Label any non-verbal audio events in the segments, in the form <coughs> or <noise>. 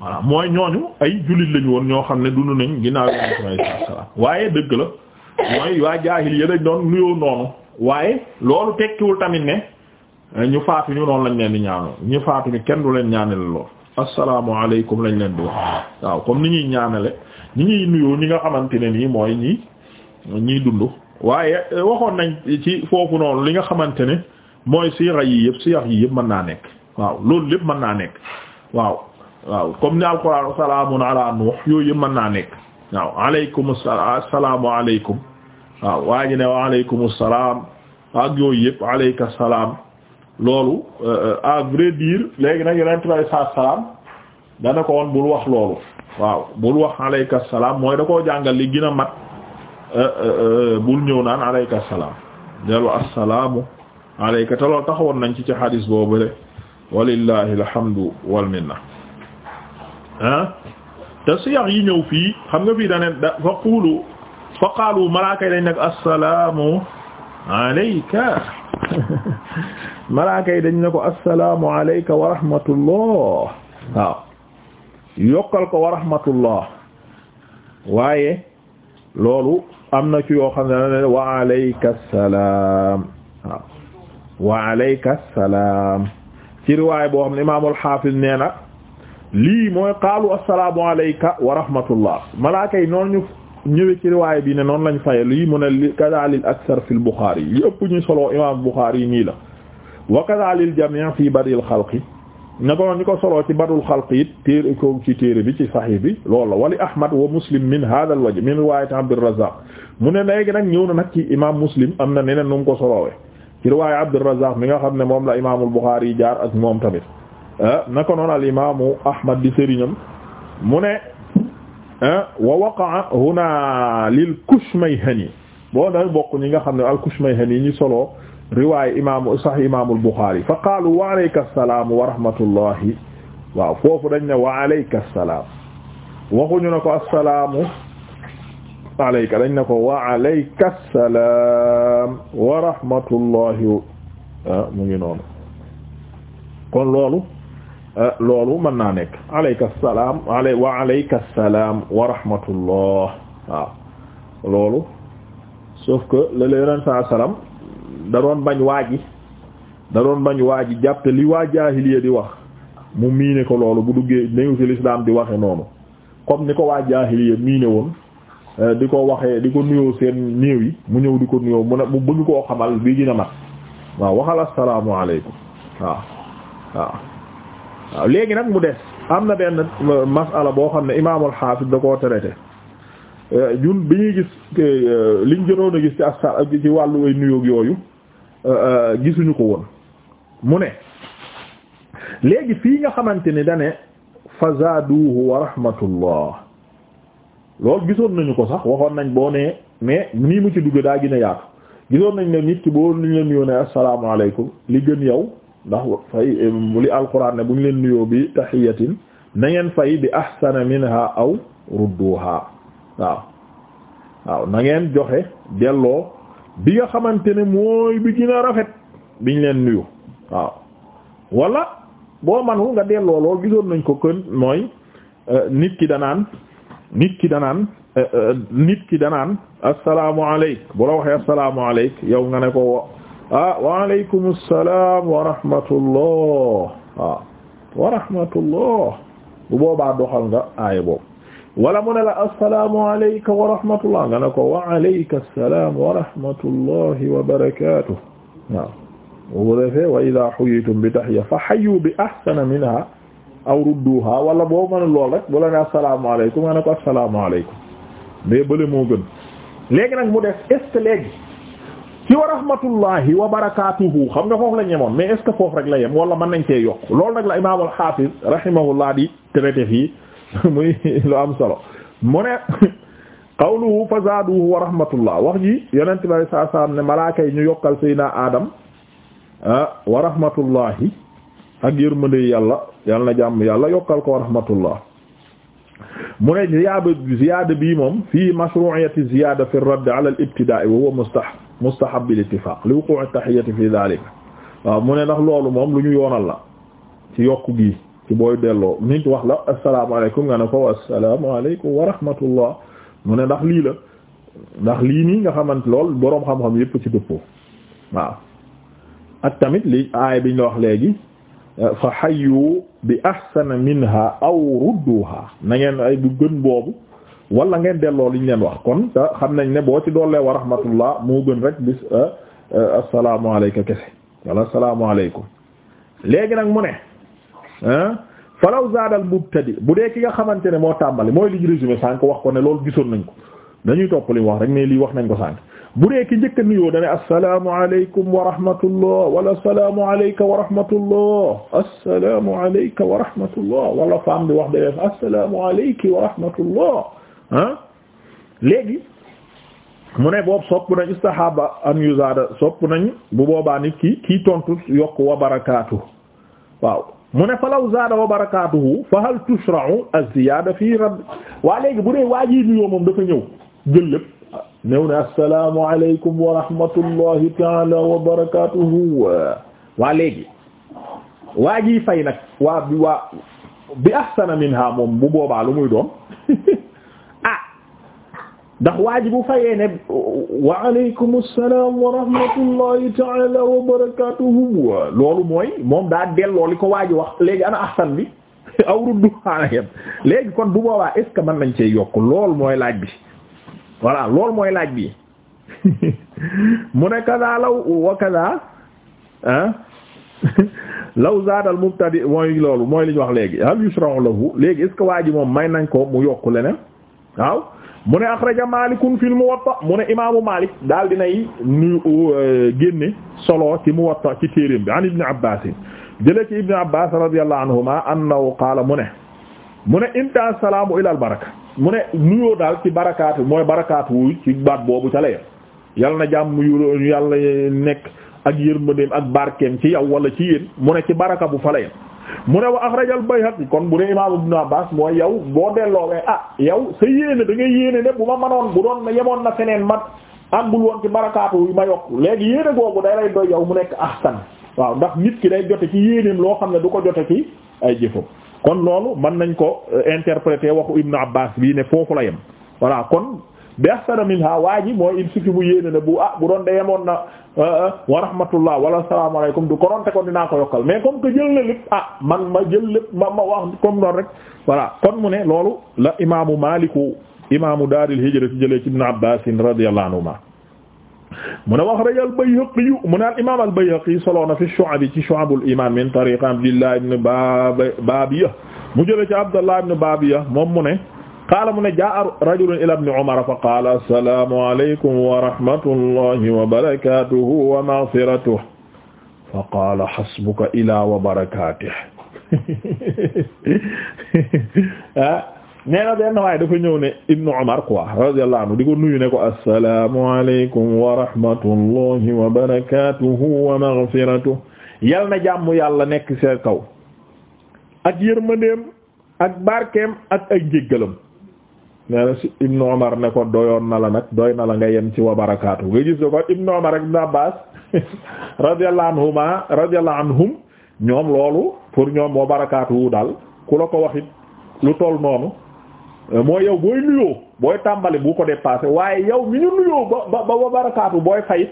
voilà mooy ñooñu ay jullit lañu woon ñoo xam ne dund nañ ginnaaw yonent bi salaam waaye dëgg la mooy waa jaahil ya dañ doon nuyoo noonu waaye loolu tekkiwul tamit ne eh, ñu faatuñu noonu lañ leen di ñaanal ñu faatuñu kenn du leen ñaanale lool assalaamu alaykum lañ leen di wax waaw comme ni ñuy ñaanale ñi ñuy nuyoo ñi nga xamante ne nii mooy ñi ñiy dund waaye eh, waxoon nañ ci foofu noonu li nga xamante ne mooy siira yi yëpp siira yi yëpp mën naa nekk waaw loolu lépp mën naa nekk waaw waaw comme ni alquran salaamun ala nuux yooyu yëpp mën nekk waaw aleykum assalaamu aleykum waaw waa ji ne wa salaam ak yooyu yëpp aleyka salaam loolu euh, euh, à vrai dire léegi nag yonent bi alayhi salaatu salaam dana ko woon bul wax loolu waaw bul wax aleyka salaam mooy da koo jàngal li gina a mat euh, bul ñëw naan aleyka salaam dellu assalaamu aleyka te loolu taxawoon nañ ci ci xadis boobu rek walillahi alhamdu wal ah te siyax yi ñëw fii xam nga fii dane da fa quulu fa qaalu malaaka yi dañ nag assalaamu alayka <laughs> malaaka yi dañ ne ko assalaamu alayka wa rahmatullah waaw yokkal ko wa rahmatullah waaye loolu am na ci yoo xam ne wa alayka salaam waaw wa alayka salaam ci riwaay boo xam ne imaamul xaafis nee na lii mooy qaalu assalaamu alayka wa rahmatullah malaaka yi noonu ñu ñëwee ci riwaay bi ne noonu lañ faye lii mu ne li kadaalil aksar fi al-Buxaari yi li ëpp ñu solo imaam Buxaari yi nii la wa kadaalil jamii' fi badil xalqi na ko noon ñu ko soloo ci badul xalq it téere ko ci téere bi ci saxiix bi loolu la wali ahmad wa muslim min hada al wajh min riwayat abdurrazzaq mu ne léegi nag ñëw na nag ci imam muslim am na neneen nu mu ko soloowe ci riwaaya abdurrazzaq mi nga xam ne moom la imaamul buxaari yi jaar ak moom tamit Ah, naka noonu al imaamu Ahmad di sëriñam mu ne ah, wa waqa'a huna lil Kushmayhani boo day bokk ñi nga xam ne al Kushmayhani ñi solo riwaay imaamu sahih imaamul Bukhari fa qaalu wa alayka salaam wa rahmatullahi waaw foofu dañ ne wa alayka salaam waxuñu ne ko assalaamu alayka wa alayka salaam wa rahmatullahi ah, mu ngi kon loolu Eh, loolu mën naa nekk alayka salaam alay wa alayka salaam wa rahmatullah waaw loolu sauf que le yeneen saa salaam da doon bañ waaji da doon bañ waaji jàpp te li waa jaahiliya di wax mu miine ko loolu bu duggee nañu fi lislaam di waxe noonu comme ni ko waa jaahiliya miine woon eh, di ko waxee di ko nuyoo seen néew yi mu ñëw di ko nuyoo mu ne mu bëgg koo xamal bii gën a mat waaw waxal assalaamu alaykum waaw waaw waaw léegi nag mu des am na benn euh, masala boo xam ne imaamul xaafis da koo traité euh, ñun bi ñuy gis euh, liñ jotoon a gis ci askan ci wàllu way nuyoog yooyu gisuñu ko woon mu ne léegi fii nga xamante ni dane fazaduhu wa rahmatullah loolu gisoon nañu ko sax waxoon nañ boo nee mais nii mu ci dugg daa gën a yaatu gisoon nañ ne nit ki boo nuñ la nuyoo ne asalaamaaleykum li gën yow ndax fay eh, li alquran ne bu ñu leen nuyoo bi tahiyatin na ngeen fay bi ahsana minha aw rudduha waaw waaw na joxe delloo bi nga xamante ne mooy bi gën a rafet biñ leen nuyu waaw wala boo manu nga delloo lool gisoon nañ ko kon mooy eh, nit ki danaan nit ki danaan eh, nit ki danaan assalaamu alayk bu la waxee assalaamu alayk yow nga ne ko ah waaleykum salaam wa rahmatullah waaw ah, wa rahmatullah bu boobaa doxal nga aaya boobu wala mu ne la assalaamu alayka wa rahmatullah nga ne ko wa alayka salaam wa rahmatullahi wa barakaatuh waaw bu defee wa idaa xuyitum bi taxiya fa xayu bi ahsana minha aw rudduha wala boo mën lool rek bu la ne assalaamu alaykum nga ne ko assalaamu alaykum mais bële moo gën léegi nag mu def est léegi ci wa rahmatullahi wa barakatuhu xam nga foofu la moom mais est-ce rek la yem wala man nañ cee yokk loolu nag la imaam al-Hafiz rahimahullah di traité fii <laughs> muy lu am solo mu ne <laughs> qawluhu fa zaaduhu wa rahmatullah wax ji yonent bi sallallahu alayhi ne malaaka ñu yokkal sayna Adam ah wa rahmatullahi ak yërmande yàlla yàlla na jàmm yàlla yokkal ko wa rahmatullah mu ne ziyaada ziyaada bii moom fii mashru'iyyati ziyaada fi radd ala wa huwa mustahab mustahab bil ittifaq li wuqu' at-tahiyyati fi dhalik waaw mu ne ndax loolu moom lu ñu yoonal la ci yokk gi ci booy delloo nit wax la asalaamaaleykum nga ne ko asalaamaaleykum wa rahmatullah mu ne ndax lii la ndax lii nii nga xamante lool boroom xam-xam yépp ci dëppoo waaw ak tamit li aay biñ la wax léegi fa hayyu bi ahsana minha aw rudduha na ngeen ay bu gën boobu wala ngeen delloo li ñu leen wax kon te xam nañ ne boo ci doolee wa rahmatullah moo gën rek bis euh, euh, asalaamaaleyka kese wala asalaamaaleykum léegi nag mu ne falaw zaadal mubtadi bu dee ki nga xamante ne moo tàmbali mooy li résumé sànq wax ko ne loolu gisoon nañ ko dañuy topp li wax rek mais lii wax nañ ko sànq bu dee ki njëkk a nuyoo da ne asalaamaaleykum wa wala asalaamualeyka wa rahmatullah asalaamualeyka wa rahmatullah wala faam bi wax da def asalaamualeyki wa rahmatullah ah léegi mu ne boobu sopp nañ istahaba an yuzada sopp nañ bu boobaa nit ki kii tontu yokk wa barakaatu waaw mu ne falaw zaada wa barakaatuhu fa hal tushra'u az-ziyaada fii rabb waa léegi bu dee waa jii nuyoo moom dafa ñëw jël lépp ñëw ne assalaamu aleykum wa rahmatullahi taala wa barakaatuhu waa léegi waa jii fay nag waa bi waa bi ahsana minha moom bu boobaa lu muy doon <laughs> ndax waa bu fayee ne wa alaykum salaam wa wa loolu mooy moom daa delloo li ko waa ji wax léegi ana ahsan bi <laughs> aw ruddu alayhim léegi kon bu boobaa est ce que mën nañ cee yokk lool mooy laaj bi voilà loolu mooy laaj bi <laughs> mu ne kada law wa kada ah <laughs> law zaada al mubtadi mooy loolu mooy li ñu wax léegi hal yushra'u lahu léegi est ce que waa ji moom may nañ ko mu yokk leneen waaw mu ne axraja malikun fil muwatta mu ne imaamu malik daal dinay nu uh, génne solo ci muwatta ci téeréem bi an ibni abbas in jëlee ci ibni abbas radiyallahu anhuma annahu qaala mu ne mu ne inta salaamu ila al baraka mu ne nuyoo daal ci barakaatu mooy barakaatu wu ci baat boobu ca la yem yal na jàmm yu yàlla nekk ak yërmandeem ak barkeem ci yow wala ci yéen mu ne ci baraka bu fa la yem mu ne wa axraja al-Bayhaqi kon bu dee imaam Ibn Abbas mooy yow boo delloowee ah yow sa yéene da ngay yéene ne bu ma manoon bu doon yemoon na feneen ma àggul woon ci barakaatu yi ma yokk léegi yéene googu day lay doy yow mu nekk ahsan waaw ndax nit ki day jote ci yéeneem loo xam ne du ko jote ci ay jëfam kon loolu mën nañ ko interpréter waxu Ibn Abbas bii ne foofu la yem voilà kon bi ahsana minha waa ji mooy il suffit mu yéene ne ah bu doon de na ah, ah, wa rahmatullah wala salaamaaleykum du ko doon te kon dinaa ko yokkal mais comme que jël na ah man ma jël lépp ma ma kon mu ne loolu la imaamu Maaliku imaamu daaril hijra ci jëlee ci Ibn Abbaas radiyallahu anhuma mu ne wax rek al mu ne al na fi Shu'ab ci Shu'abul imaam min tariiq Abdillah ibn Baabiya mu jëlee ci Abdallah ibn Baabiya moom mu qaala mu ne jaa rajulun ila ibni umar fa qaala assalaamu aleykum wa rahmatullahi wa barakatuhu wa maghfiratuhu fa qaala hasbuka ilaa wa barakatuhu <laughs> ah nee na benn waaye dafa ñëw ne ibnu umar quoi radiyallahu anhu di ko nuyu ne ko assalaamu aleykum wa rahmatullahi wa barakatuhu wa maghfiratuhu yal na jàmm yàlla nekk seen kaw ak yërmandeem ak barkeem ak ay njéggalam nee na si Ibn Umar ne ko doyoon na la nag doy na la nga yem ci wa nga gis nga ko Ibn Umar ak Ibn Abbas <laughs> radiyallahu anhuma radiyallahu anhum ñoom loolu pour ñoom wa barakaatu wu daal ku la ko waxit it lu toll noonu mooy yow booy nuyoo booy tàmbali bu ko dépassé waaye yow mi ñu nuyoo ba ba wa booy fayit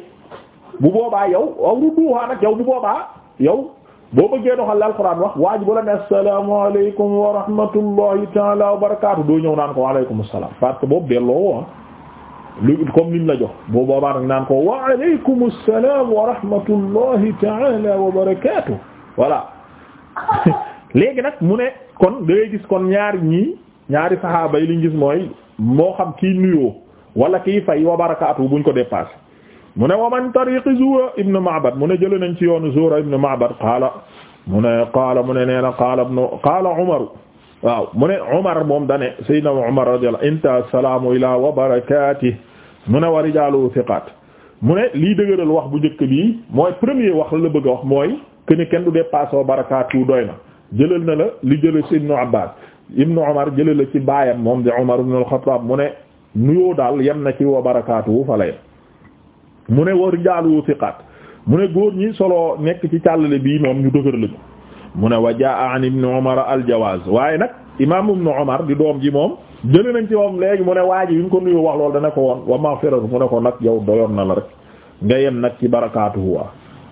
bu boobaa yow aw ruduha nag yow bu boobaa yow boo bëggee doxal alxuraan wax waaj ji bu la ne asalaamaaleykum wa rahmatullahi taala wa barakaatu doo ñëw naan ko waaleykum salaam parce que boobu delloo woon lu comme ni la jox boo boobaa nag naan ko waaleykum salaam wa rahmatullahi taala wa barakaatu <laughs> léegi nag mu ne kon da gis kon ñaari ñii ñaari saxaaba yi li gis mooy moo xam kii nuyoo wala kii fay wa buñ ko dépassé. mu ne waman tariqi Zuhra ibn Ma'bad mu ne jëlee nañ ci yoonu Zuhra ibn Ma'bad qaala mu ne qaala mu ne nee na qaala ibn qaala Umar waaw mu ne Umar moom dane Seydina Umar radiyallahu inta salaamu ilaa wa barakaatihi mu ne wa rijaaluhu thiqaat mu ne lii dëgëral wax bu njëkk bii mooy premier wax la la bëgg a wax mooy que ni kenn du dépassé wa barakaatu doy na jëlal na la li jëlee ci Ibn Abbas Ibn Umar jëlal la ci baayam moom di Umar ibn al-Khattab mu ne nuyoo daal yem na ci wa barakaatu fa la yem mu ne war jaalu thiqat mu ne góor ñi solo nekk ci càllale bii moom ñu dëgër lañu mu ne wa jaa an ibn umar al jawaaz waaye nag imaam ibn umar di doom ji moom jëlee nañ ci moom léegi mu ne waa ji bi ko nuyu wax loolu dana ko woon wa maghfiratu mu ne ko nag yow doyoon na la rek nga yem nag ci barakaatuhu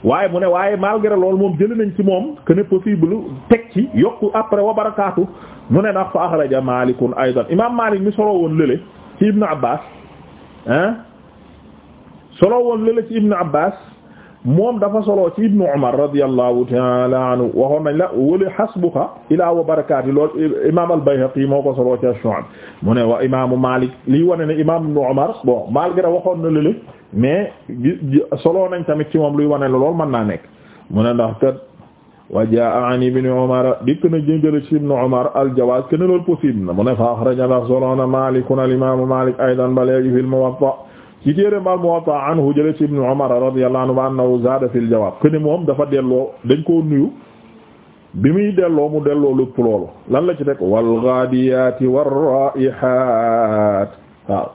waaye mu ne waaye malgré loolu moom jëlee nañ ci moom que ne possible teg ci yokk après wa barakaatu mu ne ndax fa axraja malikun aydan imaam malik mi solo woon lële ci ibn abbas ah solo woon lëla ci ibnu abbas moom dafa solo ci ibnu umar radiyallahu taala anhu waxoon nañ la wali hasbuka ilaa wa barakaati lool imam al-Bayhaqi moo ko solo ci Shu'ab mu ne wa imamu Malik lii wane ne imam ibnu umar bon malgré waxoon na lële mais solo nañ tamit ci moom luy wane la lool mën naa nekk mu ne ndax kat wa jaa an ibni umar dikk na jëjële ci ibnu umar al-jawaaz kene loolu possible na mu ne fa axraja ndax solo na Malikun al-imam Malik aydan ba léegi fil Muwatta ci téeréem al Muwatta anhu jële ci ibnu Umar radiyallahu anhu annahu zaada fil jawaab kene moom dafa delloo dañ koo nuyu bi muy delloo mu delloo lépp loolu lan la ci teg wal ghadiyaati war raihaat waaw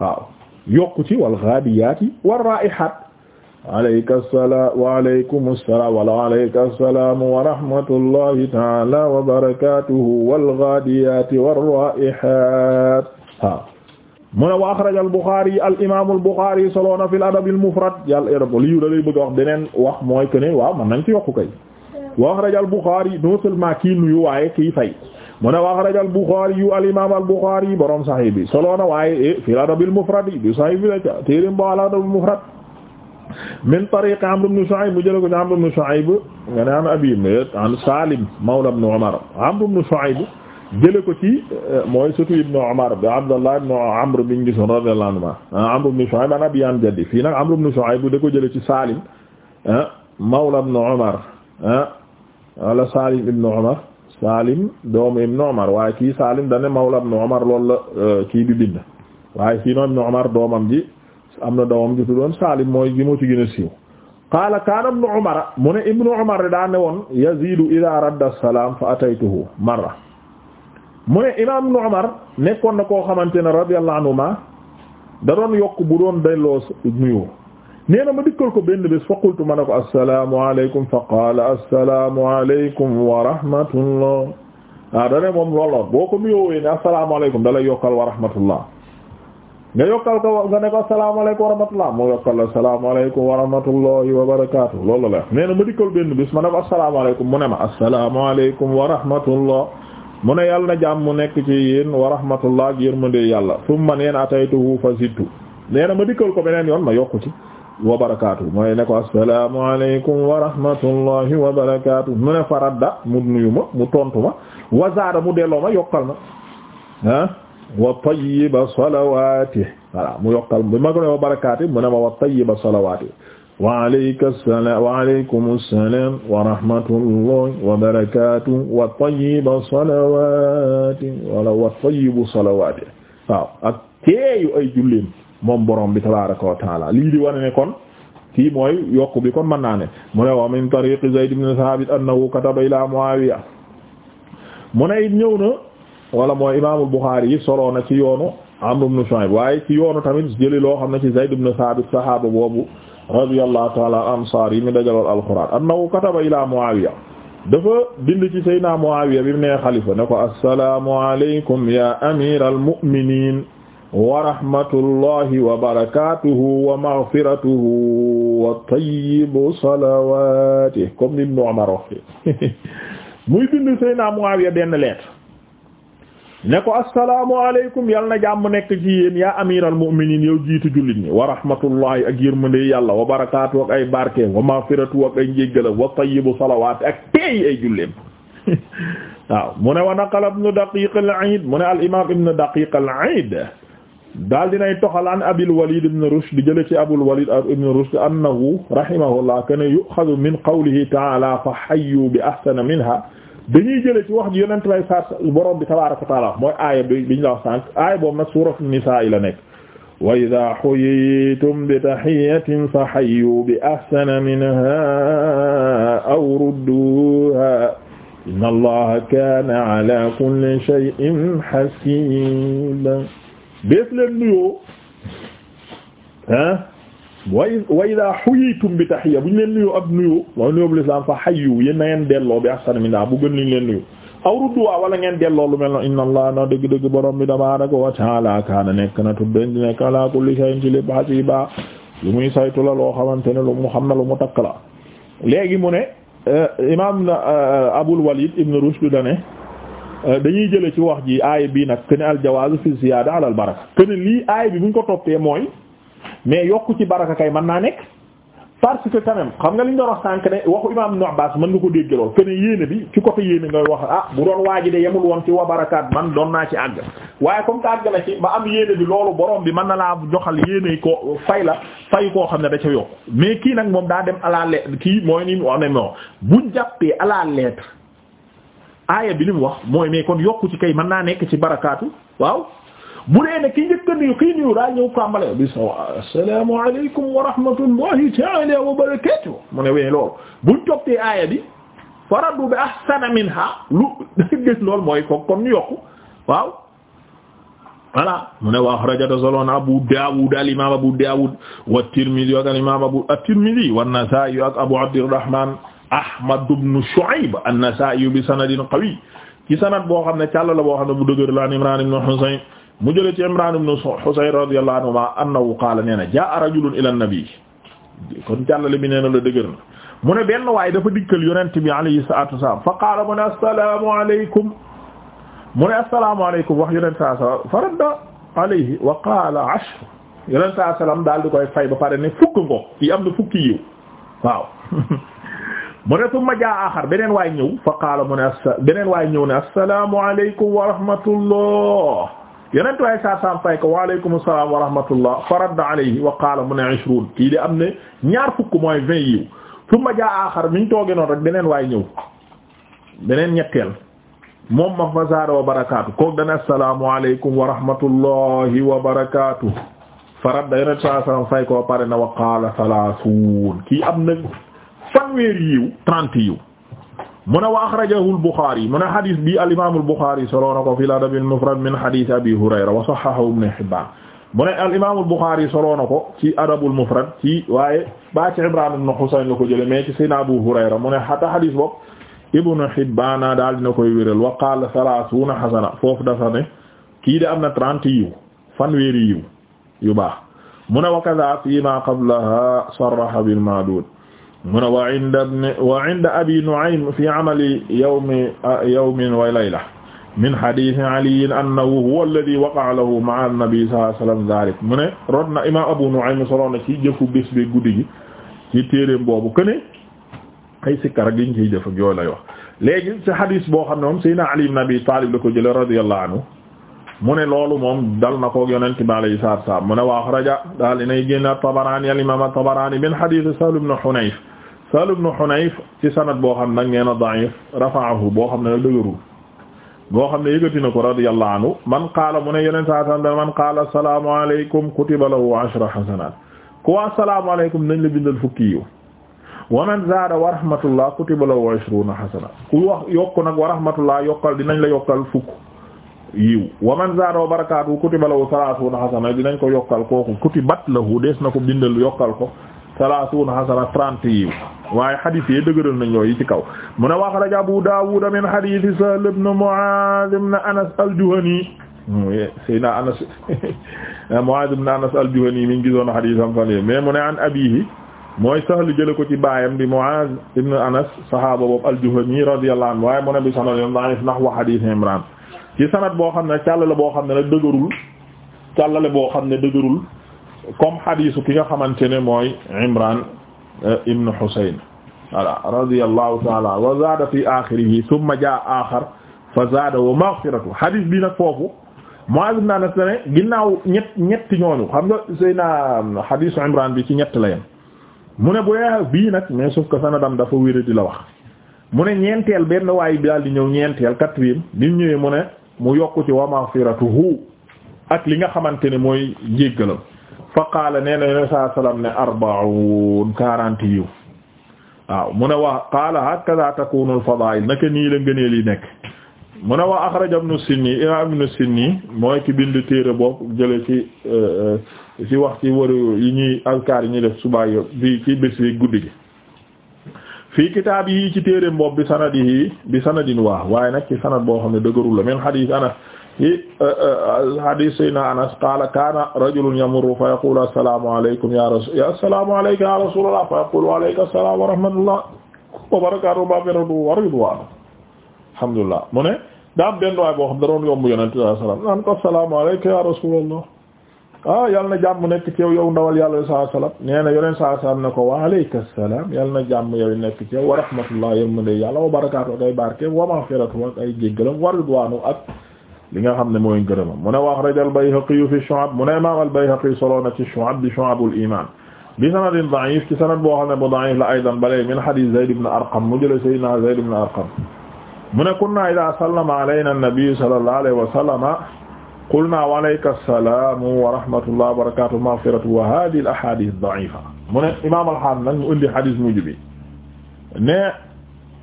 waaw yokku ci wal ghadiyaati war raihaat alayka salaam wa alaykum salaam wa alayka salaam wa rahmatullahi ta'ala wa barakatuhu wal ghadiyaati war raihaat waaw mu ne wa axraja al Buxaari al imaamu al Buxaari soloona fil adabil mufrad yàlla yoroon lii da lay bëgg a wax beneen wax mooy que ne waaw mën nañ ci yokku kay. wa axraja al Buxaari non seulement kii nuyu waaye kii fay mu ne wa axraja al Buxaari yu al imaam al Buxaari borom Sahih bi soloona waaye eh, fil adabil mufrad yi du Sahih bi la ca téereem ba al adabil mufrad min tariq Amr ibn Shu'ayb mu jëlee ko ci Amr ibn Shu'ayb nga ne an Abi an Salim mawla ibn Umar Amr ibn Shu'ayb jële ko ci euh, mooy surtout ibnu Umar bi Abdallah ibnu Amr biñ gisoon radiyallahu anhu ah, Amr ibnu Shu'ayb an jaddi fii na Amr ibnu Shu'ayb bu da ko jële ci Salim ah, mawla ibnu Umar ah, wala Salim ibnu Umar Salim doomu ibnu Umar waaye kii Salim dane mawla ibnu Umar loolu la bi euh, bind waaye kii noonu ibnu Umar doomam ji am na doomam ji tuddoon Salim mooy gi moo ci gën a siiw qaala kaana ibnu Umar mu ne ibnu Umar daa ne woon yaziidu idaa radda salaam fa ataytuhu mu ne imaam Ibnu Umar nekkoon na koo xamante ne radiyallahu anhuma da doon yokk bu doon delloo nuyoo nee na ma dikkal ko benn bés fa qultu ma ne ko assalaamu alaykum fa qaala assalaamu alaykum wa rahmatullah ah da ne moom looloon boo ko nuyoo wee ne assalaamu alaykum da lay yokkal wa rahmatullah nga yokkal ko nga ne ko assalaamu alaykum wa rahmatullah moo yokkal la assalaamu alaykum wa rahmatullahi wa barakaatu loolu la nee na ma dikkal benn bés ma ne ko assalaamu alaykum mu ne ma assalaamu alaykum wa rahmatullah mu ne yàlla na jàmm mu nekk ci yéen wa rahmatullah ak yërmande yàlla thumma neen ataytuhu fa zidtu nee ma dikkal ko beneen yoon ma yokku ci wa barakaatu mooy ne ko assalaamu alaykum wa rahmatullahi wa mu ne faradda mu nuyu ma mu tontu ma wa zaada mu delloo ma yokkal ma ah wa tayyiba salawaati voilà mu yokkal bi ma ko ne wa mu ne ma wa tayyiba salawaati waaleyka salaam waaleykum salaam wa rahmatullahi wa barakaatuh wa tayyiba salawaati wala wa tayyibu salawaati waaw ak teeyu ay julleem moom borom bi tabaaraka wa taala lii di wane ne kon kii mooy yokk bi kon mën naa ne mu ne wa min tariiqi Zayd ibn Thaabit annahu kataba ilaa Muawiya mu ne it ñëw na wala mooy imaamul Buxaari yi solo na ci yoonu Amr ibn Shuayb waaye ci yoonu tamit jëli loo xam ne ci Zayd ibn Thaabit saxaaba boobu. radiyallahu taala al ansaar yi mi dajalool alquran annahu kataba ila muawiya dafa bind ci sayna muawiya bi mu nee xalifa ne ko assalaamu alaykum ya amir almuminin wa rahmatullahi wa barakatuhu wa maghfiratuhu wa tayyibu salawatih comme ibnu umar waxi <laughs> muy bind sayna muawiya benn lettre ne ko assalaamu aleykum yal na jàmm nekk ci yéen yaa amiral mu'minin yow jiitu jullit ñi wa rahmatullahi ak yërmande yàlla wa barakaatu ak ay barke wa maghfiratu ak ay njéggalam wa tayyibu salawaat ak teey ay julleem <laughs> waaw mu ne wa naqala ibnu daqiq al-aid mu ne al imam ibnu daqiq al-aid daal dinay toxal an abil walid ibn rushd di jële ci abul walid ibn rushd annahu rahimahullah kana yu'khadhu min qawlihi ta'ala fa hayyu bi ahsana minha dañuy jële ci wax ji yonent lay sar borom bi tabaaraka wa taala mooy aaya bi biñ la wax sànq aaya boobu nag suuratu nisaa yi la nekk wa idaa xuyitum bi taxiyatin fa xayu bi ahsana minha aw rudduha inna allaha kaana ala kulli shay'in xasiba bés leen nuyoo ah way wa ida xuyitum bi taxiya bu ñu leen nuyu ab nuyu mooy nuyu bu lislaam fa xayyu yéen na ngeen delloo bi ahsana minha bu gën liñ leen nuyu aw rudduwaa wala ngeen delloo lu mel noonu inna allah na dégg dëgg borom bi tabaaraka wa ta'aala kaana nekk na tudden di nekk ala kulli shay'in ci lépp hasiiba lu muy saytu la loo xamante ne lu mu xam na lu mu takk la léegi mu ne euh, imam euh, abul walid ibn rushd dane euh, dañuy jële ci wax ji aay bi nag kene al jawaazu fi ziyaada lii aay bi buñ ko toppee mooy mais yokk ci baraka kay mën naa nekk parce que quand même xam nga li ñu doon wax sànq ne waxu imam Ibn Abbas mën nga ko dégg lool que ne yéene bi ci côté yéene ngay wax ah bu doon waaji de yemul woon ci wa barakaat man doon naa ci àgg waaye comme que àgg na ci ma am yéene bi loolu borom bi man na laa joxal yéene ko fay la fay koo xam ne da ca yokk mais kii nag moom daa dem à kii mooy ni wax ne non buñ jàppee à la aaya bi li mu wax mooy mais kon yokku ci kay mën naa nekk ci barakaatu waaw bu dee ne ki njëkk a nuyu kii nuyu daa ñëw kàmbale bi assalaamu alaykum wa rahmatullahi ta'ala wa barakatuh mu ne wee loolu buñ toppee aaya bi faradu bi ahsana minha lu <laughs> gis loolu mooy ko kon ñu yokku waaw voilà mu ne wa axrajata soloon Abu Dawud al imam Abu Dawud wa Tirmidhi ak al imam Abu at-Tirmidhi wa an-Nasa'i ak Abu Abdirrahman Ahmad ibn Shu'ayb an-Nasa'i bi sanadin qawi ci sanad boo xam ne càll la boo xam ne bu dëgër la an Imran ibn Husayn mu jëlee ci Imran ibn Husayn radiyallahu anhuma annahu qaala nee na jaa rajulun ila an-nabi kon jàllale bi nee na la dëgër na mu ne benn waaye dafa dikkal yonent bi alayhi salaatu wasalaam fa qaala mu ne assalaamu alaykum mu ne assalaamu alaykum wax yonent saa salaam fa radda alayhi wa qaala ashr yonent saa salaam daal di koy fay ba pare ne fukk ngo yi am na fukki yiw waaw <laughs> mu ne summa jaa aaxar beneen waay ñëw fa qaala mu ne beneen waay ñëw ne assalaamu alaykum wa rahmatullah yeneen waaye saa saam fay ko waaleykum salaam wa rahmatullah fa radda alayhi wa qaala mu ne ishruun kii de am ne ñaar fukk mooy vingt yiw summa jaa aaxar mi ñu toogee noonu rek beneen waay ñëw beneen ñetteel moom ma fa zaada wa barakaatu kooku dana assalaamu aleykum wa rahmatullahi wa barakaatu fa radda yeneen saa saam fay ko pare na wa qaala salaasuun kii am na fanweeri yiw trente yiw mu ne wa axrajahu al-Buxaari mu ne xadis bi al-imaam al-Buxaari soloo na ko fil adab al-mufrad min xadis Abi Hurayra wa saxxahahu Ibn Hibbaan mu ne al-imaam al-Buxaari soloo na ko ci adab al-mufrad ci waaye ba ci Imraan ibn Husayn la ko jëlee mais ci Sayyidina Abu Hurayra mu ne xataa xadis boobu Ibn Hibbaan daal dina koy wéral wa qaala salaasuuna xasana foofu dafa ne kii de am na trente yiw fanweeri yiw yu baax mu ne wa kazaa fiimaa qablahaa sarraha bil-ma'duud mu ne wa inda wa inda abi nu'aym fi amali yawmi yawmin wa layla min hadith ali annahu huwa alladhi waqa'a lahu ma'a an-nabi sallallahu alayhi wa sallam dhalik mu ne rod na imam abu nu'aym solo na ci jëfu bés bi guddi gi ci téeréem boobu këne ay sikkar giñ ciy jëf ak yooyu lay wax léegi ci hadith boo xam ne moom sayyidina ali ibn abi talib la ko jële radiyallahu anhu mu ne loolu moom dal na koog yonent bi alayhi salaatu salaam mu ne wa axraja daal inay génn at-Tabaraani al-imaam at-Tabaraani min hadiis Sahl ibn Hunayf Sahl ibn Hunayf ci sanad boo xam ne nag nee na da'if rafa'ahu boo xam ne nag dëgërul boo xam ne yëgati na ko radiyallahu anhu man qaala mu ne yonent saa man qaala assalaamu alaykum kutiba lahu ashru hasanaat ku wa assalaamu alaykum nañ la bindal fukki yu wa man zaada wa rahmatullah kutiba lahu ashruuna hasanaat ku wax yokk nag wa rahmatullah yokkal dinañ la yokkal fukk yiw wa man zaadahu barakaatu kutiba lahu salaasuuna xasana dinañ ko yokkal kooku kutibat lahu dees na ko bindal yokkal ko salaasuuna xasana trente yiw waaye xadiis yi dëgëral nañ yooyu ci kaw mu ne wa axraja Abu Daawuud min xadiisi Sahl ibn Muaaz ibn Anas al-Juhani Seydina Anas <laughs> Muaaz ibn Anas al mi ngi gisoon xadiisam fan yi mais mu ne an mooy Sahl jële ko ci baayam di Muaaz ibn Anas saxaaba boobu al-Juhani radiyallahu anhu waaye mu ne bi sanadin da'iif nahwa xadiisi Imraan ci sanad boo xam ne nag càllale boo xam ne nag dëgërul càllale boo xam ne dëgërul comme xadiisu ki nga xamante ne mooy Imran euh, ibn Husayn voilà radiyallahu ta'ala wa zaada fi axirihi thumma jaa axar fa zaada wa maghfiratu xadiis bi nag foofu Muaz ibn Anas ne ginnaaw ñett ñetti ñooñu xam nga Seyna um, xadiisu Imran bi ci ñett la mu ne bu dee bii nag mais sauf que sanadam dafa wéradi la wax mu ne ñeenteel benn waay bi daal di ñëw ñeenteel quatrième bi mu ñëwee mu ne. mu yokk ci wa maghfiratuhu ak li nga xamante ni mooy njéggalam fa qaala nee na saa sallam ne arba'un quarante yiw waaw mu ne wa qaala hakaza takunu al fadail naka nii la ngëneel yi nekk mu ne wa axraja ibnu sinni imam ibnu sinni mooy ki bind téere boobu jële ci euh, euh, ci wax ci waru yi ñuy alkaar yi ñuy def subaay yo bi ci bés bi guddi gi fii kitaab yi ci téereem boobu bi sanadihi bi sanadin waa waaye nag ci sanad boo xam ne dëgërul la min hadith anas yi hadith euh, euh, sayna anas qaala kaana rajulun yamurru fa ya rasul assalaamu alayka ya rasulullah fa yaqulu wa alayka assalaam wa rahmatullah wa barakaatu maghfiratu wa ridwaan alhamdulillah mu ne daa am benn waay boo xam da doon yomb yonente sallallahu alayhi wasallam naan ko assalaamu alayka ya ah yal na jàmm nekk ci yow yow ndawal yàlla saa salaam nee na yoneen saa salaam ne ko wa alayka salaam yal na jàmm yow nekk ci yow wa rahmatullah yërmande yàlla wa barakaatu ak ay barkeem wa maghfiratu ak ay jéggalam wa ridwaanu ak li nga xam ne mooy ngërëmam mu ne wax rajo al-Bayhaqi fi Shu'ab mu ne imaam al-Bayhaqi solo na ci Shu'ab bi Shu'abul Iman bi sanadin da'if ci sanad boo xam ne bu da'if la aydan balay min hadith Zayd ibn Arqam mu jëlee sayyidina Zayd ibn Arqam mu ne kunna idha sallama alayna an-nabiy sallallahu alayhi wa sallama qulna walayka salaam wa rahmatullah wa barakatuh maghfiratu wa hadhihi al ahadith da'ifa mu ne imam alhaam nag mu indi hadis mujj bi ne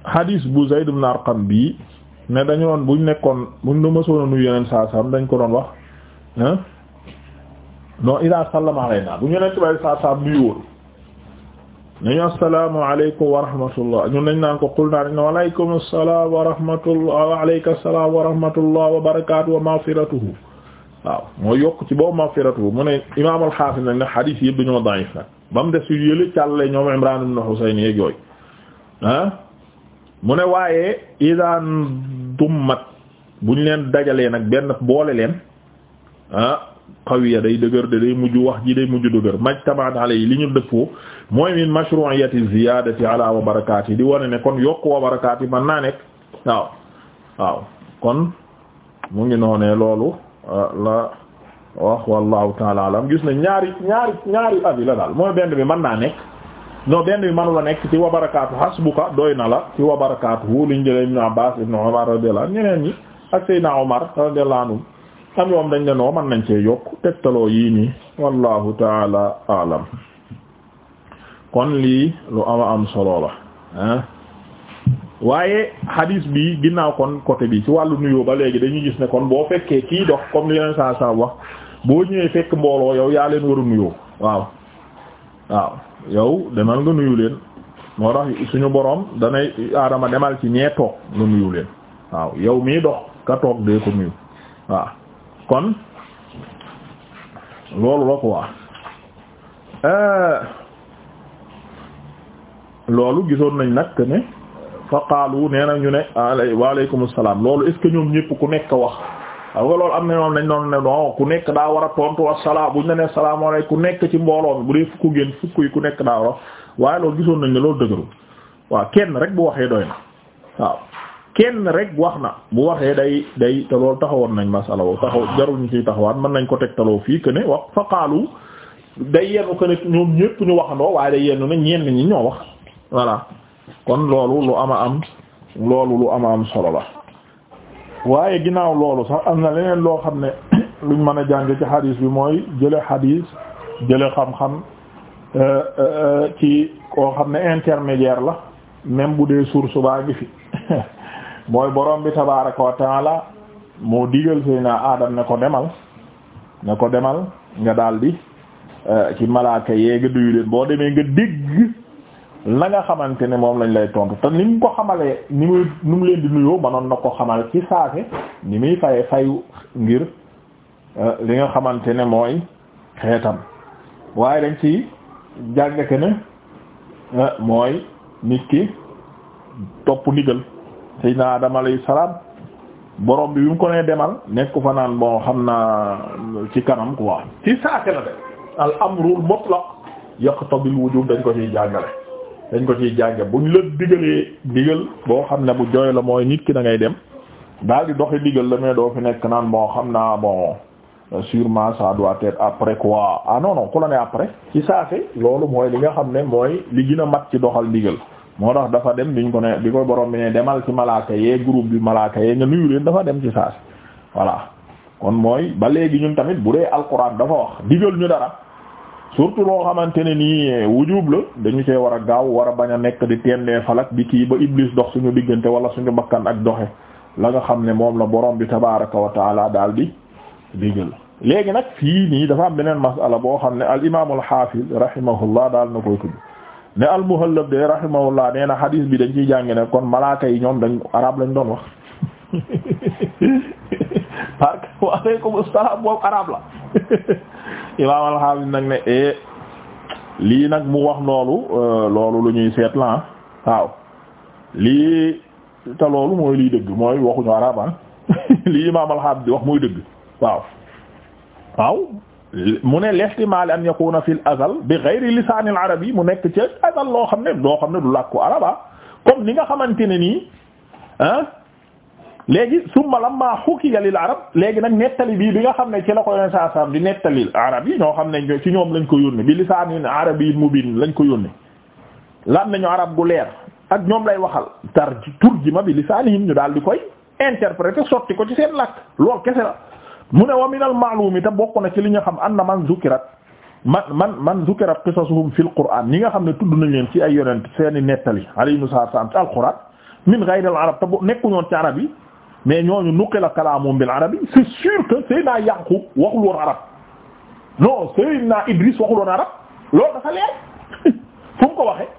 hadis bu Zayd ibn Arqam bi ne dañu doon buñ nekkoon buñ la mësoon a nuyu yeneen saa saam dañ ko doon wax ah non ila sallama alayna bu ñu yonent bay saa saam nuyu woon nañu assalaamu aleykum wa rahmatullah ñun dañ naan ko qul naa dañ ne waaleykum assalaam wa rahmatullah wa aleyka assalaam wa rahmatullah wa barakatuh wa maghfiratuhu waaw moo yokk ci boobu mafiratu mu ne imaam al-Hafiz nag ne xadiis yëpp ñoo da'if nag ba mu des yu yële càlle ñoom Imran ibn Husayn yeeg yooyu ah, mu ne waaye idan dummat buñ leen dajalee nag benn boole leen ah qawiya day dëgër da day mujj wax ji day mujj dëgër majtamaat yi li ñu dëppoo mooy min mashru'iyyati ziyadati ala wa barakaat yi di wane ne kon yokk wa barakaat yi mën naa nekk waaw waaw kon mu ngi noonee loolu la wax wallahu taala alam gis na ñaari ñaari ñaari avis la daal mooy benn bi mën naa nekk non benn bi manu la nekk ci wa barakaatu hasbuka doy na la ci wa barakaatu hu liñ jëlee ibnu Abbas ibnu Umar radiyallahu ñeneen ñi ak Seydina Omar radiyallahu anhum am yoom dañ ne noo mën nañ cee yokk tegtaloo yii nii wallahu taala alam kon lii lu ama am solo la ah waaye hadis bi ginnaaw kon côté bi ci wàllu nuyoo ba léegi dañuy gis ne kon boo fekkee kii dox comme li leen saa saa wax boo ñëwee fekk mbooloo yow yaa leen war a nuyoo waaw waaw yow demal nga nuyu leen moo tax suñu boroom danay aadama demal ci ñee toog nga nuyu leen waaw yow mii dox ka toog dee ko nuyu waaw kon loolu la ko waa euh, loolu gisoon nañ nag ne fa qaalu nee ñu ne waaleykum salaam loolu est-ce que ñoom ñëpp ku nekk wax xam nga loolu am na ñoom dañ doon ne non ku nekk daa war a tontu wasalaam bu ñu la nee salaamaaleykum ku nekk ci mbooloo bu dee fukk ngeen fukk yi ku nekk daa gisoon nañ ne loolu dëgërul kenn rek bu waxee doy na waaw kenn wax na bu waxee day day te loolu taxawoon nañ masala wo taxaw jarul ñu ciy mën nañ ko tegtaloo fii que ne wax fa qaalu day yennu que ne ñoom ñëpp ñu waxandoo waaye day yennu ne ñenn ñi ñoo wax voilà kon loolu lu ama am loolu lu ama am solo la waaye ginnaaw loolu sax am na leneen loo xam ne <coughs> luñ mën a jàng ci xadiis bi mooy jële xadiis jële xam-xam euh, euh, euh, ci koo xam ne intermédiaire la même bu dee suur baa bi fi <laughs> mooy borom bi tabaaraka wa la moo digal Seydina Adam ne ko demal ne ko demal nga daldi ci malaaka yee nga duyu leen boo demee nga dégg la nga xamante ne moom lañ lay tontu te lim ko xamale ni muy nu mu leen di nuyoo manoon na ko xamal ci saase ni muy faye fayu ngir euh, li nga xamante ne mooy xeetam waaye dañ ci jàngate ne euh, mooy nit ki topp ndigal Seydina Adama alayhi salaam borom bi bi mu ko nee demal nekk fa naan bon xam naa ci kanam quoi. ci saase la de al amrul mutlaq yaqtabil wujub dañ ko ciy jàngale dañ ko ciy jànge buñ la digalee digal boo xam ne bu jooy la mooy nit ki da ngay dem daal di doxi digal la mais doo fi nekk naan moo xam naa bon sûrement ça doit être après quoi ah non non ku la ne après ci saase loolu mooy li nga xam ne mooy li gën a mat ci doxal digal moo tax dafa dem biñ ko ne bi ko borom bi ne demal ci malaaka yee group bi malaaka yee nga nuyu leen dafa dem ci saase voilà kon mooy ba léegi ñun tamit bu dee alxuraan dafa wax digal ñu dara surtout loo xamante ne nii eh, wujub la dañu cee war a gaaw war a bañ a nekk di teendee falak di kii ba iblis dox suñu diggante wala suñu bakkan ak doxe la nga xam ne moom la borom bi tabaraka wa taala daal di léegi nag fii nii dafa am beneen masala boo xam ne al imaam al hafiz rahimahullah daal na koy tudd ne al muhallab de rahimahullah nee na hadis bi dañ ciy jàng ne kon malaaka yi ñoom dañu araab lañu doon wax <laughs> parce que waaleykum moom arab la <laughs> imaam alxaafis nag ne eh, lii nag mu wax loolu euh, loolu lu ñuy seet la ah, waaw lii te loolu mooy lii dëgg mooy waxuñu araban ah. <laughs> lii imaam alxaafis wax mooy dëgg waaw waaw mu ne lihtimaal an yakuna fil azal bi ghayri lisaanil arabi mu nekk ci azal loo xam ne loo xam ne du làkku araba comme ni nga xamante ne nii ah, léegi summa lamma hukiya lil arab léegi nag nettali bii bi nga xam ne ci la ko yónnee saa di nettali arab yi ñoo xam ne ci ñoom lañ ko yónnee bi lisaanin arabiyyin mubiin lañ ko yónnee lan nañu arab bu leer ak ñoom lay waxal tar turjima bi lisaanihim ñu daal di koy interpréter sotti ko ci seen làkk lool kese la mu ne wa minal ma'lumi te bokk na ci li ñu xam anna man zukirat man man man zukirat fi fil qur'an ñi nga xam ne tudd nañ leen ci ay yonent seeni nettali alayhimu salaam ci alquran min ghayril arab te nekkuñoon ci arab yi mais ñooñu nuqila kalaamuhum bil arabi c'est sûr que Seydina Yaqub waxul arab non Seydina Idris waxul arab loolu dafa leer <laughs> fu mu ko waxee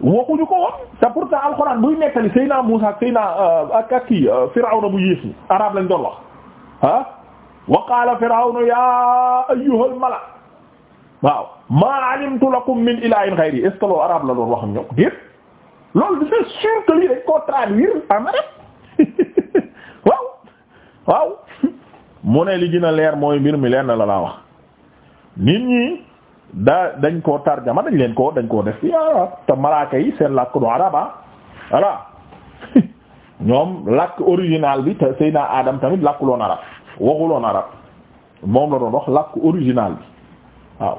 waxuñu ko woon te pourtant alxuraan buy nettali Seydina Muusaa ak Seydina euh, ak ak kii euh, Firawna bu yées ni arab lañ doon wax ah Firawna yaa ayyuhal mala waaw maa alimtu min ilahin ghayri est ce arab la doon wax ak ñoom déet loolu c'est sûr que lii dañ koo traduire en arabe <laughs> waaw waaw mu ne li gën leer mooy mbir mi leen la laa wax nit ñi daa dañ koo tarjama dañ leen koo dañ koo def ci ah, te malaaka yi seen làkk du araba ah. <laughs> ñoom làkk original bi te Seydina Adam tamit làkkuloon arab waxuloon arab moom la doon wax làkk original bi waaw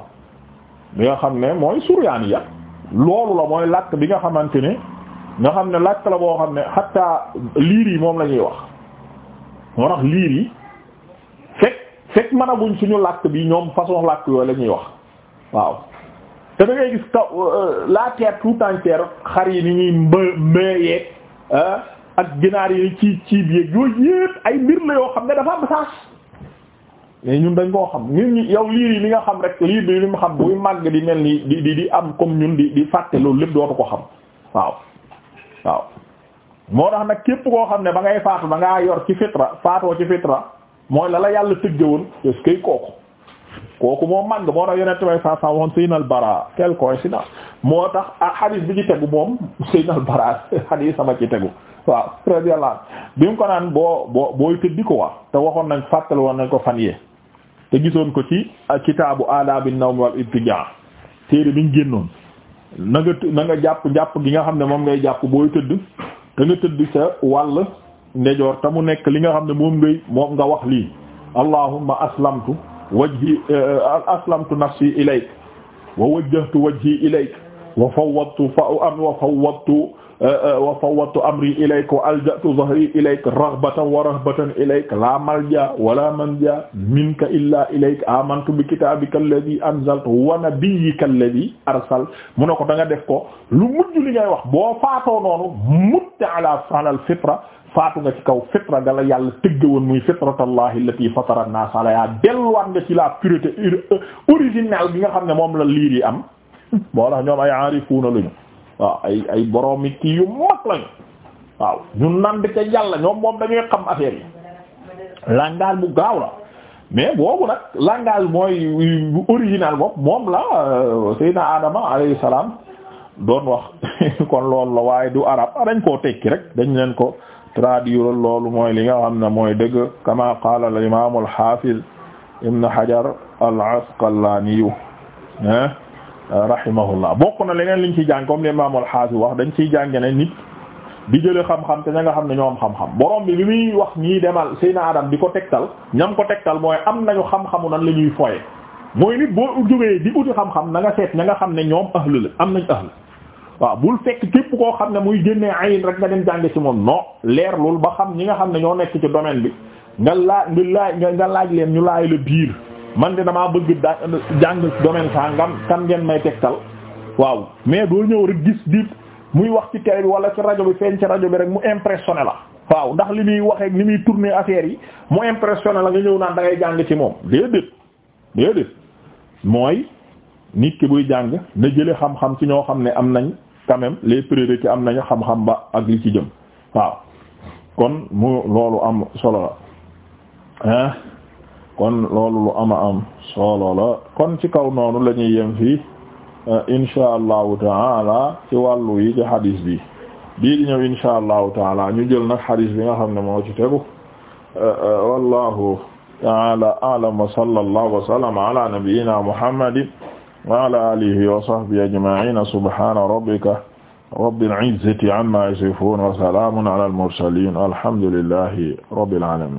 bi nga xam ne mooy suryaaniya loolu la mooy làkk bi nga xamante ne nga xam ne làkk la boo xam ne xatta liir yi moom lañuy wax moo tax liir yi fekk fekk mënaguñ suñu làkk bi ñoom façon làkk yooyu lañuy wax waaw te da ngay gis kaw euh, la terre tout entière xar yi ni ñuy mb mbayeeg euh, ak ginaar yi ci ciib yeeg yooyu yépp ay mbir la yoo xam ne dafa am saas mais ñun dañ koo xam ñun ñi yow liir yi li nga xam rek liir bi li mu xam buy màgg di mel ni di di am comme ñun di di fàtte loolu lépp dootu ko xam waaw waaw moo tax nag képp koo xam ne ba ngay faatu da ngaa yor ci fitra faatoo ci fitra mooy la la yàlla tëggewoon est-ce que kooku kooku moo màgg moo tax yonent may sa sa waxoon Seynal Bara quelle coïncidence moo tax ah hadis bi ci tegu moom <laughs> Seynal Bara hadis sama ci tegu waaw radiyallahu bi mu ko naan boo boo booy tëddi ko wax te waxoon nañ fàttali woon nañ ko fan yee te gisoon ko ci ah, kitaabu aadaabi nawm wal ittija téere bi ñu génnoon na nga na jàpp jàpp gi nga xam ne moom ngay jàpp booy tëdd te nga tëdd sa wàll ndejoor te mu nekk li nga xam ne moom ngay moom nga wax lii allahumma aslamtu wajhi eh, eh, aslamtu nafsi ilayk wa wajjahtu wajhi ilayk wa fawwadtu fa am wa fawwadtu eh, eh, wa fawwadtu amri ilayka wa alja'tu dhahri ilayka raghbatan wa rahbatan ilayka la malja wala manja minka illa ilayka amantu bi kitabika alladhi anzalta wa nabiyyika alladhi arsal mu ne ko da nga def ko lu mujj li ngay wax boo faatoo noonu mutte ala alal fitra faatu nga ci kaw fitra gala yàlla tëgg woon muy fitratallahi allati fatara an-nas ala delluwaat nga ci la pureté euh, originale bi nga xam ne moom la liir yi am moo tax ñoom ay aarifuuna lañu waaw ay ay borom yi kii ñoom moom dañuy xam affaire yi langage bu gaaw la mais boobu nag langage mooy bu original moom moom la euh, Seydina Adama alayhi doon wax <laughs> kon loolu la waaye du arab dañ koo tekki rek dañ leen ko traduire loolu mooy li nga xam mooy dëgg kama qaala al imaam al haafiz ibn Hajar al Asqalaani ah eh? rahimahullah bokk na leneen liñ ciy jàng comme li Imaam al-Hafiz wax dañ ciy jàng ne nit di jële xam-xam te ña nga xam ne ñoom am xam-xam borom muy wax ñii demal Seyna Adam di ko tegtal ñam ko tegtal mooy am nañu xam-xamu nan la ñuy foye mooy nit boo jógee di uti xam-xam na nga seet ña nga xam ne ñoom ahlu la am nañ ahlu waaw bul fekk képp koo xam ne muy génnee ayin rek nga dem jànge ci moom non leerlul ba xam ñi nga xam ne ñoo nekk ci domaine bi nga laaj nga laaj nga laaj leen ñu laaj la biir man de damaa bëgg da jàng domaine sangam kan ngeen may tegtal waaw mais doo ñëw rek gis diit muy wax ci télé bi wala ci rajo bi feeñ ci rajo bi rek mu impressionné la waaw ndax li muy waxee ni muy tourner affaire yi mu impressionné la nga ñëw naan da ngay jàng ci moom déedéet déedéet mooy nit ki buy jàng na jële xam-xam ci ñoo xam ne am nañ quand même les prérequis am nañu xam-xam ba ak li ci jëm waaw kon mu loolu am solo la ah kon loolu lu ama am solo la kon ci kaw noonu la ñuy yem fii euh, insha allahu taala ci wàllu yi ci hadis bi bii di ñëw insha allahu taala ñu jël nag hadis bi nga xam ne moo ci tegu euh, euh, wallahu taala a'lam wa sallallahu wa sallama ala nabiyyina muhammadin wa ala alihi wa sahbihi ajma'in subhana rabbika rabbil izzati amma yasifun wa salamun ala al mursalin alhamdulillahi rabbil alamin